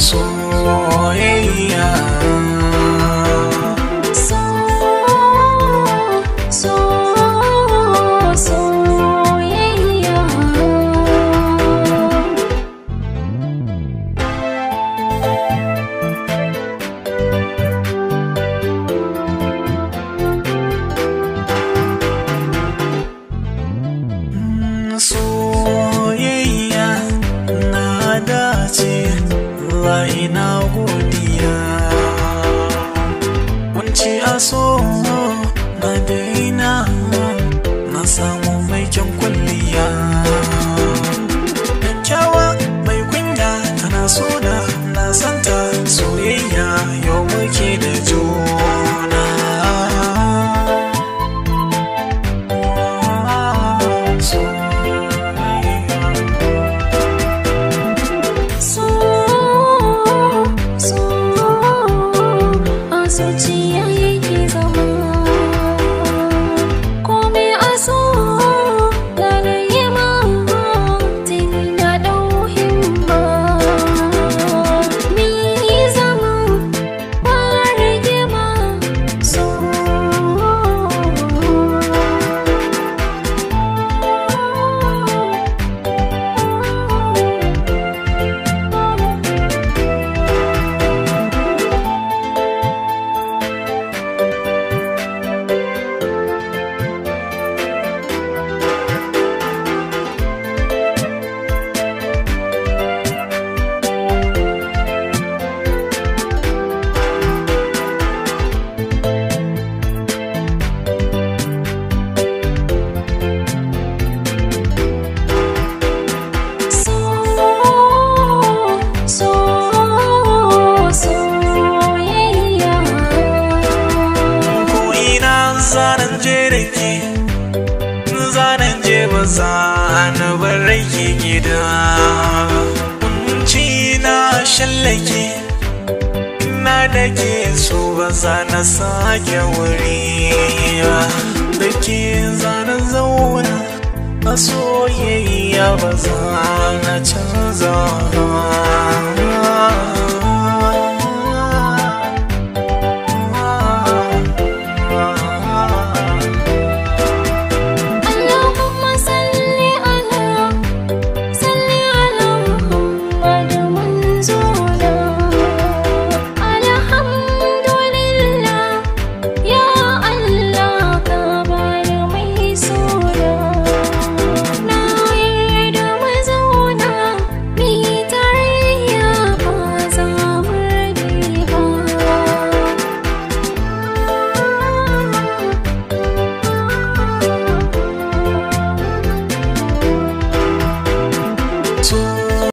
soyayya ce a na daina na samu mai kyan kwalliya kyakkyawa mai kunya tana so nasanta na santa soyayya yau muke da juna So deep. zan je da ke zanen je ba za na bar rage gida ci na shallake na da ke so ba za na sake wuri da ke zanen zauna a soyayya ba za na canza